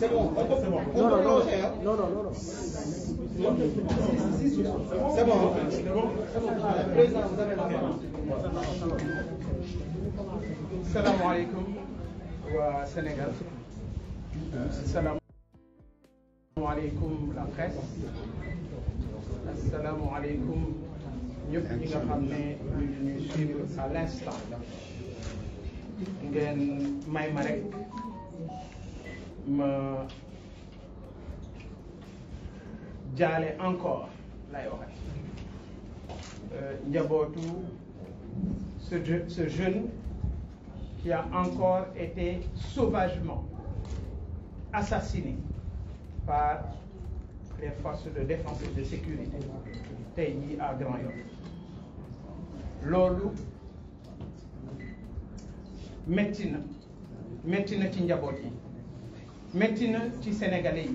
C'est bon. Non, non, non. Non, non, non. C'est bon. C'est bon. Président, vous avez la parole. Salam alaikum waa Sénégal. Salam alaikum la presse. Salam alaikum ñëpp ñi nga xam ne ñu ñuy suivre à l'instant. Ngeen may ma rek. ma encore lay waxe euh, njabootu ce ce jeune qui a encore été sauvagement assassiné par les forces de défense et de sécurité à Grand yon lolu metti na metti na Maintenant, les sénégalais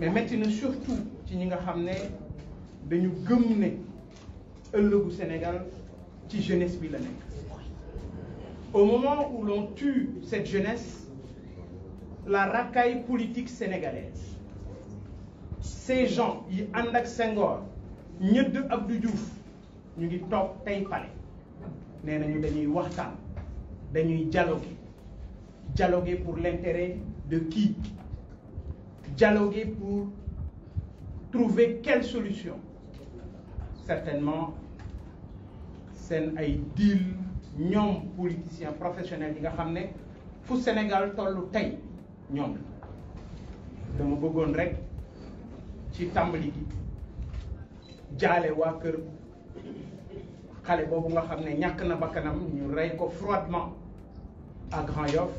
mais maintenant surtout ci ñi nga xamné dañu gëm né ëllëgu Sénégal ci jeunesse bi au moment où l'on tue cette jeunesse la racaille politique sénégalaise ces gens yi andak ñëdd Abdou Diouf ñu ngi tay Né nañu dañuy waxtan, dañuy dialoguer dialoguer pour l'intérêt de qui Dialoguer pour trouver quelle solution Certainement, c'est un deal politiciens professionnels yi nga Sénégal tollu tay dama rek ci gi kër nga na froidement à Grand-Yoff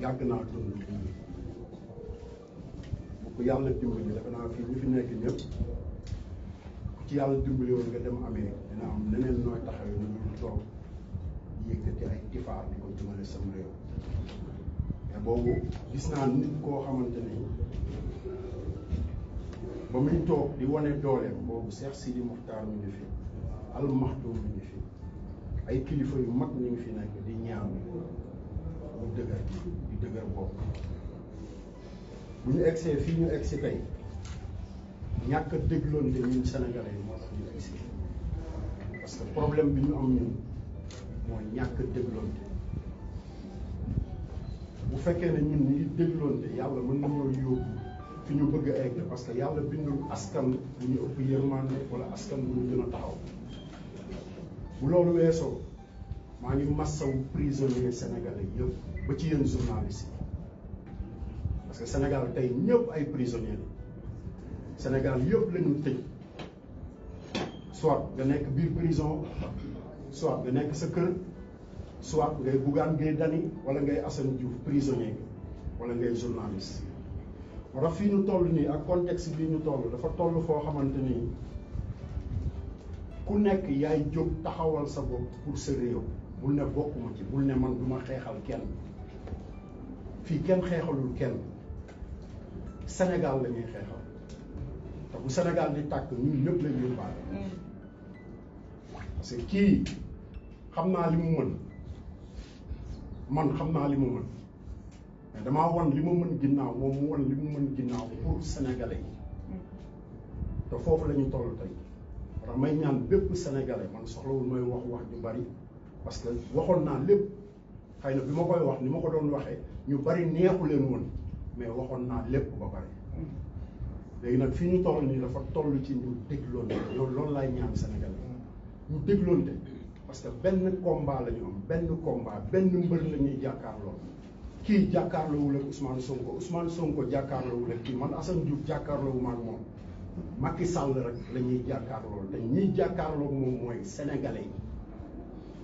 yàgg naa dund lii bu ko yàlla dimbali defe naa fii ñu fi nekk ñëpp ku ci yàlla dimbali woon nga dem Amérique dina am leneen nooy taxawee nu dul toog yëkkati ay tifaar di ko jëmale sam réew mais boobu gis naa nit koo xamante ni ba muy toog di wane dooleem boobu Cheikh Sidi Mokhtar mi ngi fi Al Makhtoum mi fi ay kilifa yu mag ñu ngi fi nekk di ñaan bu dëgër di dëgër bopp bu ñu egsee fii ñu egsi kay ñàkk a dégloon de ñun sénégalais yi moo tax ñu egsi parce que problème bi ñu am ñun mooy ñàkk a dégloon de bu fekkee ne ñun ñu ngi de yàlla mën nañoo yóbbu fi ñu bëgg egg parce que yàlla bindul askan bu ñu ëpp yërmande wala askan bu ñu gën a taxaw bu loolu weesoo maa ngi massawu prisonnier sénégalais yo ba ci yeen journaliste parce que Sénégal tay ñepp ay prisonnier la Sénégal yëpp la soit nga nek bir prison soit nga nek sa kër soit ngay bugan ngay dani wala ngay Assane Diouf prisonnier wala ngay journaliste moo fi ñu tollu ni ak contexte bi ñu tollu dafa tollu fo xamanteni ku nek yaay jóg taxawal sa bop pour sa réew bul ne bokkuma ci bul ne man du ma xeexal kenn fii kenn xeexalul kenn Sénégal la ñuy xeexal te bu Sénégal di tàkk ñun ñëpp la ñuy yóbbaale parce que kii xam naa li mu mën man xam naa li mu mën mais damaa wan li ma mën ginnaaw moom mu wan li mu mën ginnaaw pour sénégalais yi te foofu la ñu toll tey. parce que may ñaan bépp sénégalais man soxlawul may wax wax ju bari. parce que waxoon naa lépp xëy bi ma koy wax ni ma ko doon waxee ñu bari neexu leen woon mais waxoon naa lépp ba bari léegi nag fi ñu toll nii dafa toll ci ñu dégloonte yow loolu laay parce que benn combat la am benn combat benn mbër la ñuy jàkkaarloo kii jàkkaarloowul ak Sonko Ousmane Sonko jàkkaarloowul ak kii man Assane Diouf jàkkaarloowu ma ak moom Macky Sall rek la ñuy jàkkaarloo mooy sénégalais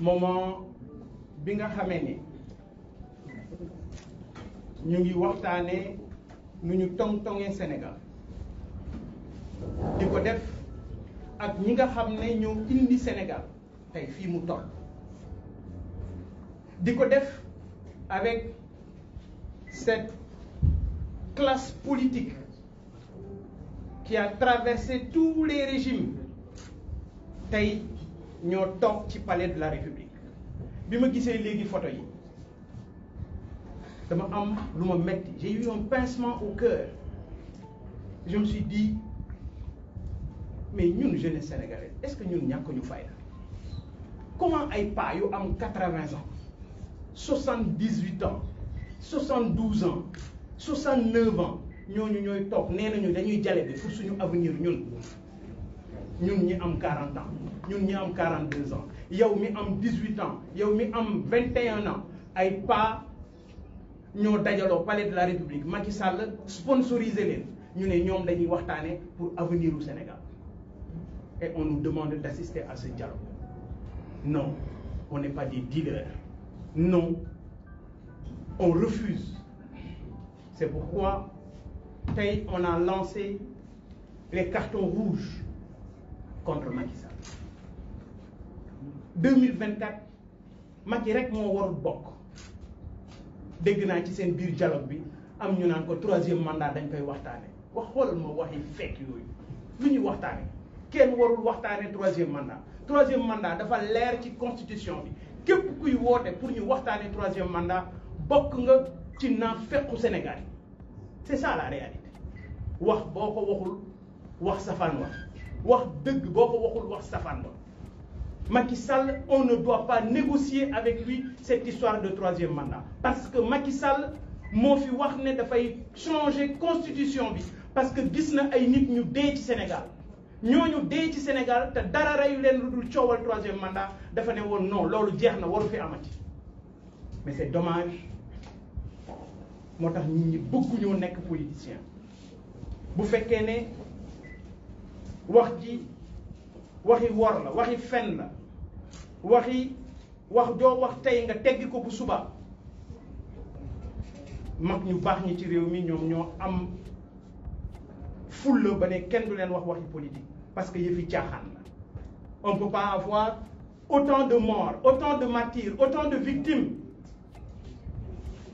moment bi nga xamee ne ñu ngi waxtané nu ñu tong tongé Sénégal di def ak ñi nga xamné indi Sénégal tay fi mu toll diko def avec cette classe politique qui a traversé tous les régimes tay ñoo dans le palais de la république Je ma gisee léegi photo yi dama am metti j'ai eu un pincement au cœur je me suis dit mais ñun jeunes sénégalais est ce que ñun pas fay ça comment ay pas am 80 ans 78 ans 72 ans 69 ans nous ñooy nous nee nañu dañuy jale bi fur suñu avenir nous ñi 40 ans nous ñi 42 ans yow mi 18 ans yow mi 21 ans ay pas ñoo au palais de la république Macky Sall sponsorisé leen ñu ne dañuy pour avenir au Sénégal et on nous demande d'assister à ce dialogue non on n'est pas des dealers non on refuse c'est pourquoi on a lancé les cartons rouges contre Macky Sall 2024 Macky rek moo warul bokk dégg naa ci seen biir dialogue bi am ñu naan ko troisième mandat dañ koy waxtaane wax xoolal ma waxi fekk yooyu lu ñuy waxtaane kenn warul waxtaane troisième mandat troisième mandat dafa lèr ci constitution bi képp kuy woté pour ñu waxtaane troisième mandat bok nga ci na fekku Sénégal c'est ça la réalité wax boko waxul wax fan wax wax dëgg boo ko waxul wax safaan ba Macky Sall on ne doit pas négocier avec lui cette histoire de troisième mandat parce que Macky Sall moo wax ne dafay changer constitution bi parce que gis na ay nit ñu dee ci Sénégal ñooñu dee ci Sénégal te dara reyu leen lu dul coowal troisième mandat dafa ne woon non loolu jeex na waru fi amati mais c'est dommage moo tax nit ñi bëgguñoo nekk politicien bu fekkee ne wax ji waxi wor la waxi fen la waxi wax joo wax tey nga teggi ko bu suba mag ñu baax ñi ci réew mi ñoom ñoo am fulla ba ne kenn du leen wax waxi politique parce que yëfi caaxaan la on peut pas avoir autant de morts autant de martyrs autant de victimes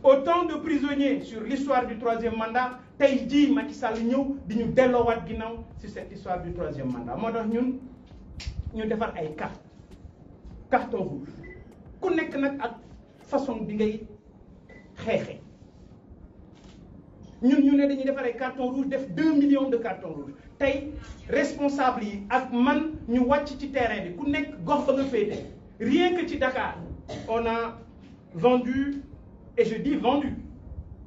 autant de prisonniers sur l'histoire du troisième mandat tay di Macky Sall ñëw di ñu delloowaat ginnaw ci cette histoire du troisième mandat mo tax ñun ñu défar ay carte carton rouge ku nekk nak ak façon bi ngay xeexee ñun ñu ne dañuy défar ay carton rouge def 2 millions de carton rouge tay responsable yi ak man ñu wacc ci terrain bi ku nekk gox ba nga fété rien que ci Dakar on a vendu et je dis vendu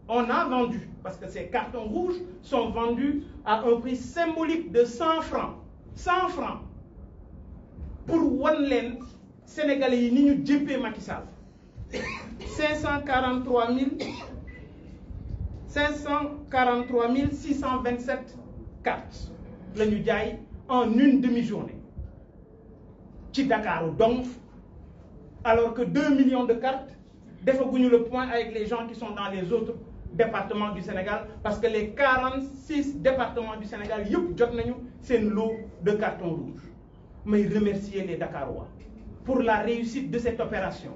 on a vendu, parce que ces cartons rouges sont vendus à un prix symbolique de 100 francs. 100 francs pour l'en Sénégalais, ils n'ont pas 543 627 cartes le en une demi-journée Dakar alors que 2 millions de cartes nous le point avec les gens qui sont dans les autres départements du Sénégal parce que les 46 départements du Sénégal yëpp jot nañu seen lot de carton rouge may remercier les Dakarois pour la réussite de cette opération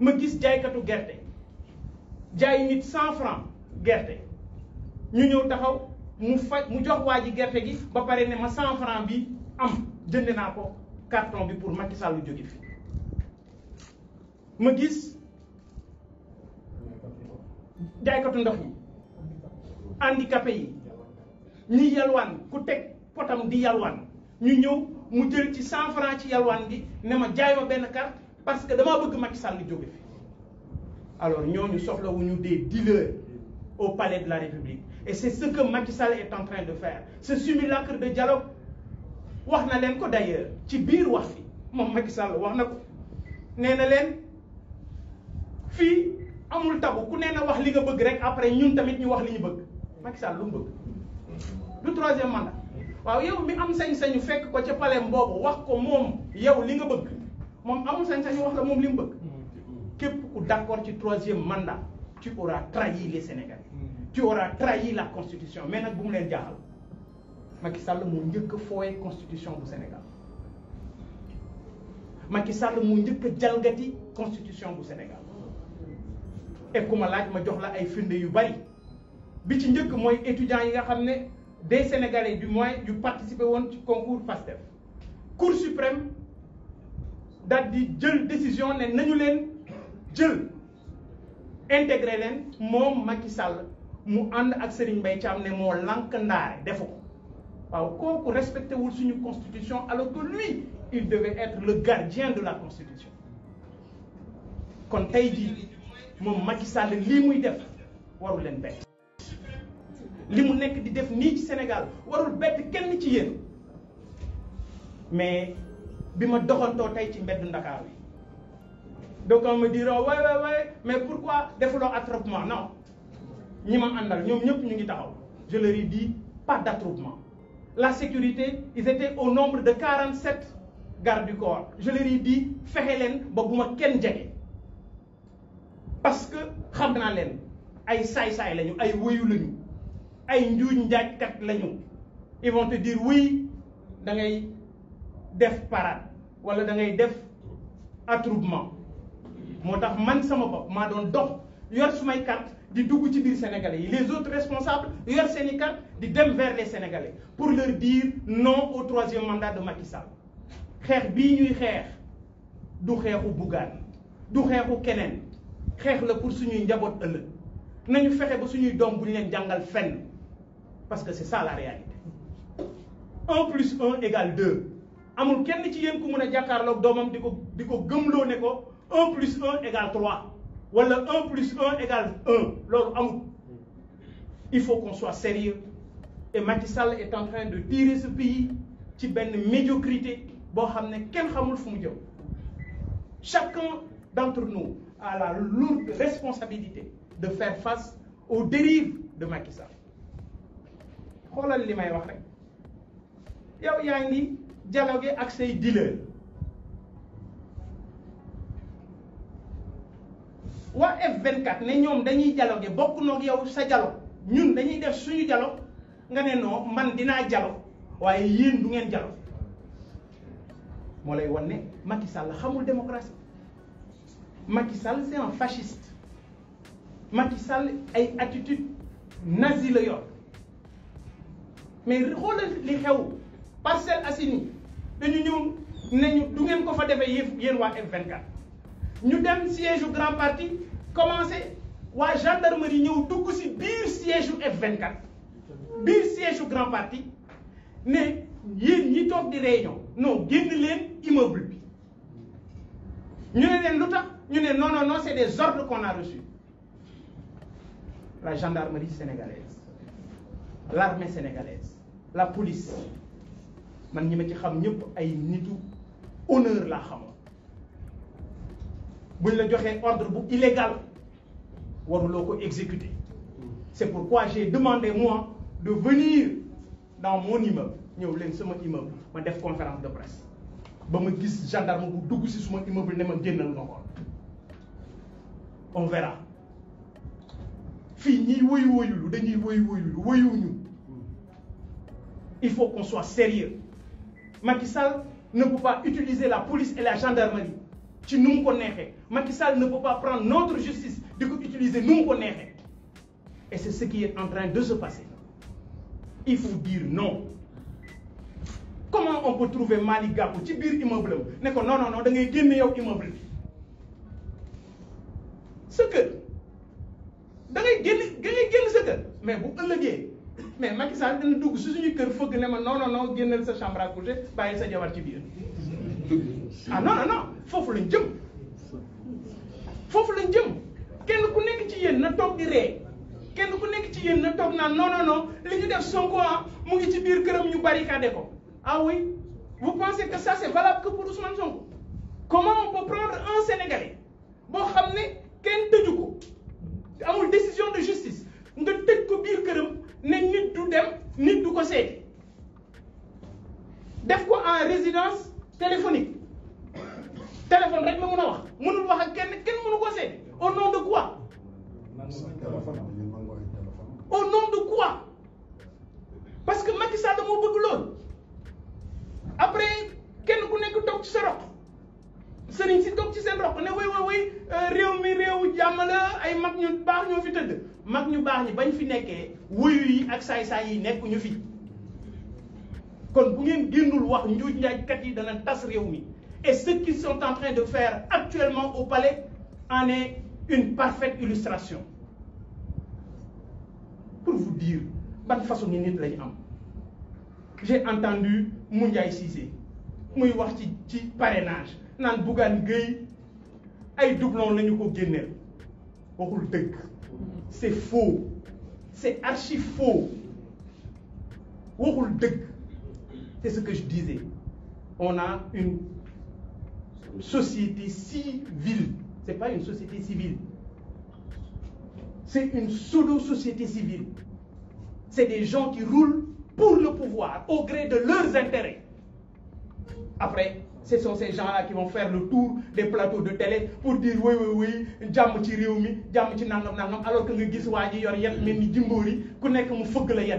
ma gis jaaykatu guerte jay nit 100 francs guerte ñu ñew taxaw mu mu jox waji ji gerte gi ba paré né ma 100 francs bi am jënd na ko carton bi pour Macky Sall jóge fi ma gis ndox yi handicapé yi ñi ku potam di ñu mu jël ci qui franc ci yalwaan qui parce que bëgg Macky Sall fi alors des dealers au palais de la République et c'est ce que Macky Sall est en train de faire ce simulacre de dialogue wax na ko d'ailleurs ci biir fi Macky Sall wax na ko amul tabu ku neena wax li nga bëgg rek après ñun tamit ñu wax li ñu bëgg Macky Sall lu mu bëgg du troisième mandat waaw yow mi am sañ-sañu fekk ko ca palais boobu wax ko moom yow li nga bëgg moom amul sañ-sañu wax la moom li mu bëgg képp ku d'accord ci troisième mandat tu auras trahi les Sénégalais mm. tu auras trahi la constitution mais nag bu mu leen jaaxal Macky Sall mu njëkk a fooye constitution bu Sénégal Macky Sall mu njëkk jalgati constitution bu Sénégal et comme je laaj ma jox la ay firnde yu bari bi ci étudiants yi des sénégalais du moins yu participer au concours FASTEF cour suprême daal di jël décision de nañu leen jël mon maquisal, moom Macky Sall mu and ak Serigne mbay cham ne mo lànk ndaare defu respecté wul suñu constitution alors que lui il devait être le gardien de la constitution kon tay dit mom Macky Sall lii muy def warul leen bett li mu nek di def ni ci Sénégal warul bet kenn ci yéen mais bima ma tay ci mbedd Ndakaar wi donc on me dira ouais ouais ouais, mais pourquoi un attroupement non ñi ma àndal ils ñëpp ñu ngi taxaw je leur ai dit pas d'attroupement la sécurité ils étaient au nombre de 47 gardes du corps je leur ai dit fexe ba buma kenn jege parce que xam naa leen ay say say lañu ay wéyu lañu ay njuñ njuuj kat lañu ils vont te dire oui da ngay def parade wala da ngay def attroupement motax man sama bop ma don dox yor sumay carte di dugg ci bir sénégalais yi les autres responsables yor seeni carte di dem vers les sénégalais pour leur dire non au troisième mandat de Macky Sall xeex bi ñuy xex du xexu Bougane du xexu kenen c'est pour ça qu'on a besoin d'eux. On ne peut pas faire de nos des Parce que c'est ça la réalité. 1 plus 1 égale 2. Il y a quelqu'un qui peut dire que son enfant est un homme, 1 plus 1 égale 3. Ou 1 plus 1 égale 1. Il faut qu'on soit sérieux. Et Matissal est en train de tirer ce pays dans une médiocrité qui n'est pas la même Chacun d'entre nous a la lourde responsabilité de faire face aux dérives de Macky Sall xoolal li wax rek yow yaa dialoguer avec ses dealers. waa F24 nous ñoom dañuy dialoguer bokk noog yow sa dialogue ñun dañuy def suñu dialogue nga ne non man dinaa dialogue waaye yéen du ngeen dialogue moo lay wan ne Macky Sall xamul démocratie Macky Sall c'est un fasciste Macky Sall une attitude nazi le yor mais xoolal les xew Parcelles assini. dañu nous nañu du ngeen ko fa defee yéen yéen F24 Nous dem siège au grand parti commencé Wa gendarmerie ñëw dugg si biir siège au F24 biir siège au grand parti Mais yéen ñi toog di réunion non génn leen immeuble bi ñu ne leen lu non non non c'est des ordres qu'on a reçus la gendarmerie sénégalaise l'armée sénégalaise la police man ont ma ci xam ñëpp ay nitu honneur Si on buñ la ordre illégal pour exécuter c'est pourquoi j'ai demandé moi de venir dans mon immeuble Je mon sama immeuble ma une conférence de presse ba ma gis gendarme bu dugg ci mon immeuble ne mon immeuble on verra fii ñiy woyu woyulu dañuy woyu woyulu woyuñu il faut qu'on soit sérieux Macky Sall ne peut pas utiliser la police et la gendarmerie ci nous mu ko Macky Sall ne peut pas prendre notre justice di utiliser nous mu ko neexee et c'est ce qui est en train de se passer il faut dire non comment on peut trouver Mali Gakou ci biir immeuble am non non non da ngay génne yow immeuble vous da ngay mais bu mais Macky Sall dugg suñu kër fëgg non non non chambre à coucher sa ci biir ah non non non foofu lañ jëm lañ jëm kenn ku nekk ci na di kenn ku nekk non non non def ah, ngi ci biir ñu barricadé ah oui vous pensez que ça c'est valable que pour Ousmane comment on peut prendre un Sénégalais ramener il y amul décision de justice de ko une ne nit du dem nit du en résidence téléphonique téléphone rek instant yi nekkuñu fi kon bu ngeen génnul wax njuuj njaajkat yi dana tas réew mi et ce qu'ils sont en train de faire actuellement au palais en est une parfaite illustration pour vous dire ban façon ni nit lañu am j'ai entendu Moundiaye Cissé muy wax ci ci parrainage naan Bougane Gueye ay doublon lañu ko génneel waxul dëgg c'est faux c'est archi faux c'est ce que je disais on a une société civile Ce n'est pas une société civile c'est une pseudo-société civile c'est des gens qui roulent pour le pouvoir au gré de leurs intérêts après ce sont ces gens-là qui vont faire le tour des plateaux de télé pour dire oui oui oui jàmm ci mi ci nangam nangam alors que nous gis waa ji yor yet mel les jimboor yi ku mu la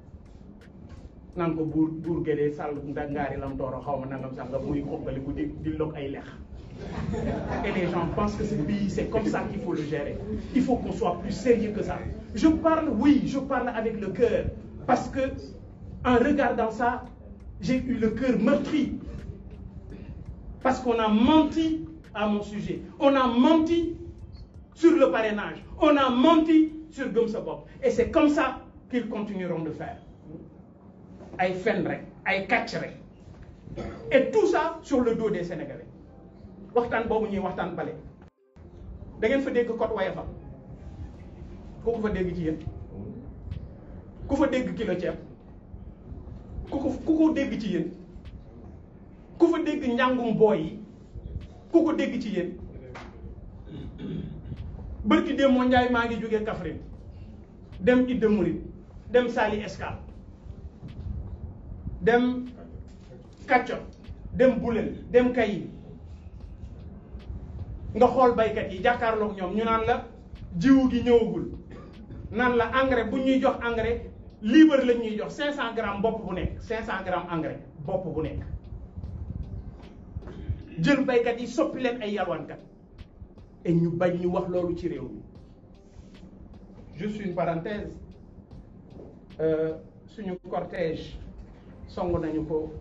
et les gens pensent que ce pays c'est comme ça qu'il faut le gérer il faut qu'on soit plus sérieux que ça je parle oui je parle avec le cœur parce que en regardant ça j'ai eu le cœur meurtri parce qu'on a menti à mon sujet on a menti sur le parrainage on a menti sur Gëm et c'est comme ça qu'ils continueront de faire ay fen rek ay kàcc rek et tout ça sur le dos des sénégalais waxtaan boobu ñuy waxtaan bale da ngeen fa dégg kot Woyofal ku ko fa dégg ci ku fa dégg kilo ceeb ku ko ku dégg ci yéen ku fa dégg njàngum booy yi ku ko dégg ci yéen bërki démb moo njaay maa ngi jógee Kaffrine dem Idda Mouride dem Saly Escale dem katcho dem bulel dem kay nga xool baykat yi jàkkaarloog ñom ñu nan la jiwu gi ñëwagul naan la engrais bu ñuy jox engrais libre lañ ñuy jox 500 grammes bop bu nek 500 grammes engrais bop bu nek jël baykat yi soppi leen ay kat et ñu bañ ñu wax loolu ci réew mi juste une parenthèse euh suñu cortège a nañu ko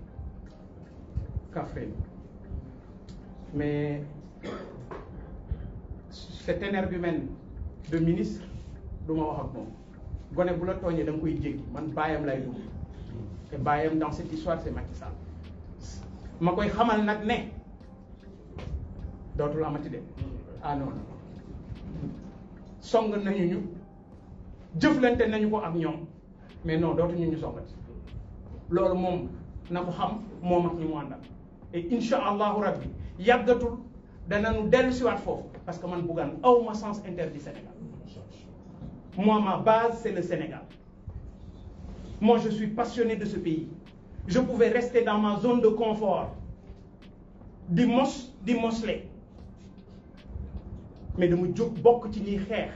café. mais cette énergumène de ministre du wax ak moom gone bu la tooñee je koy jéggi man bàyyam lay dugg te bàyyam dans cette histoire c'est Macky Sall ma xamal nag ne dootul amati de ah non non nañu ñu jëflante nañu ko ak mais non ñu loolu moom na ko xam moom ak ñu mu àndal et incha allahu rabbi yàggatul danañu dellu siwaat foofu parce que man Bougane aw ma sens interdit Sénégal moi ma base c'est le Sénégal moi je suis passionné de ce pays je pouvais rester dans ma zone de confort di mos di mosle mais dama jóg bokk ci ñuy xeex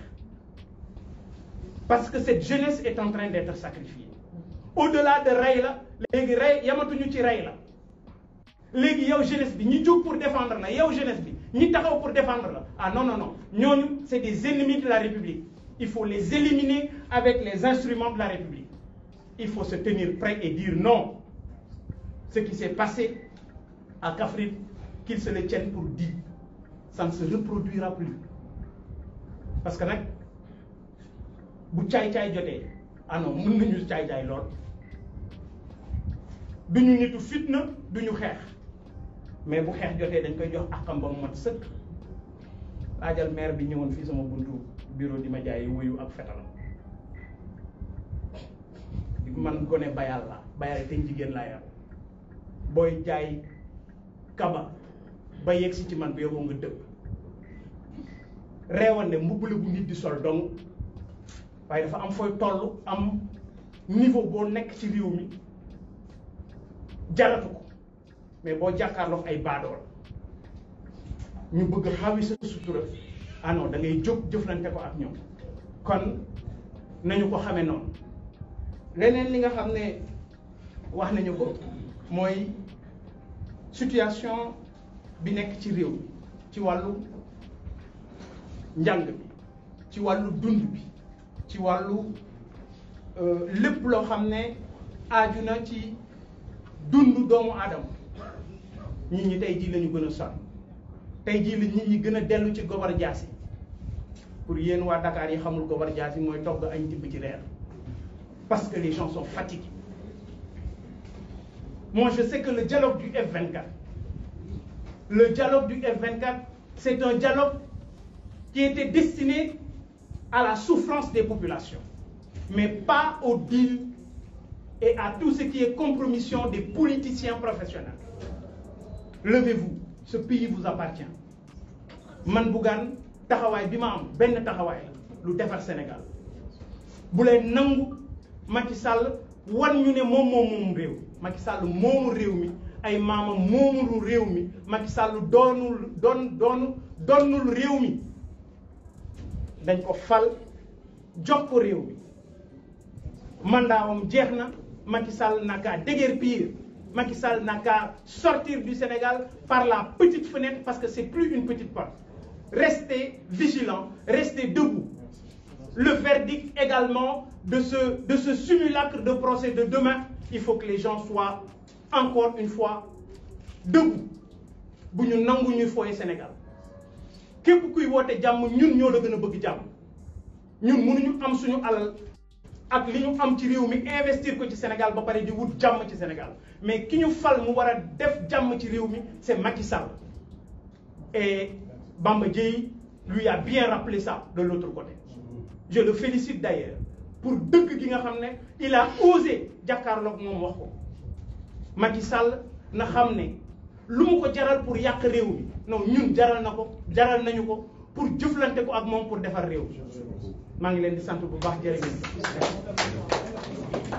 parce que cette jeunesse est en train d'être sacrifiée au-delà de Rayla il y a yamatuñu ci ray la en yow jeunesse bi ñi jóg pour défendre na yow jeunesse bi ñi taxaw pour défendre la ah non non non ñooñu c'est des ennemis de la République il faut les éliminer avec les instruments de la République il faut se tenir prêt et dire non ce qui s'est passé à Kaffrine qu'ils se le tiennent pour dit ça ne se reproduira plus parce que si bu caay joté ah non mën nañu caay lool duñu nitu fitna duñu xex mais bu xex joté dañ koy jox akam ba mat seuk laajal maire bi ñewon fi sama buntu bureau di ma jaay wuyu ak fetal man gone bayal la bayal te jigen la yar boy jaay kaba ba yegg ci man bi yow nga dëpp reewande mbubb bu nit di sol dong waye dafa am foy tollu am niveau bo nek ci réew mi jaratu ko mais boo jàkkaarloog ay baadool ñu bëgg xawi sa sutura ah non da ngay jóg jëflante ko ak ñoom kon nañu ko xame noonu leneen li nga xam ne wax nañu ko mooy situation bi nekk ci réew mi ci wàllu njàng bi ci wàllu dund bi ci wàllu euh, lépp loo xam ne aaju na ci dund doomu aadama nit ñi tey jii lañu gën a sonn tey jii la nit ñi gën a dellu ci gobar jaasi pour yéen waa Dakar yi xamul gobar jaasi mooy togg añ tibb ci leer parce que les gens sont fatigués moi je sais que le dialogue du F24 le dialogue du F24 c'est un dialogue qui était destiné à la souffrance des populations mais pas au deal et à tout ce qui est compromission des politiciens professionnels. Levez-vous, ce pays vous appartient. Man Bougan, Tahawai, Bimam, Ben am benn taxawaay lu Sénégal Boule Nangou, Macky Sall wan ñu ne Mom moom moomu Macky Sall moomu réew mi ay maamam moomulu mi Macky Sall Donul, Don, Don, Donul mi dañ ko fal jox ko mi Macky Sall n'a qu'à déguerpir. Macky n'a qu'à sortir du Sénégal par la petite fenêtre parce que c'est plus une petite porte. Restez vigilants, restez debout. Le verdict également de ce, simulacre de procès de demain, il faut que les gens soient encore une fois debout. pour nous faire pas Sénégal képp kuy woote jàmm ñun ñoo la sommes ak li ñu am ci réew mi investir ko ci Sénégal ba pare di wut jàmm ci Sénégal mais ki ñu fal mu war a def jàmm ci réew mi c'est Macky Sall et Bamba Dièye lui a bien rappelé ça de l'autre côté je le félicite d'ailleurs pour dëgg gi nga xam ne il a osé jàkkaarloog moom wax ko Macky Sall na xam ne lu mu ko jaral pour yàq réew mi non ñun jaral na ko jaral nañu ko pour jëflante ko ak moom pour defar réew mi maa ngi leen di sant bu baax jërëjëf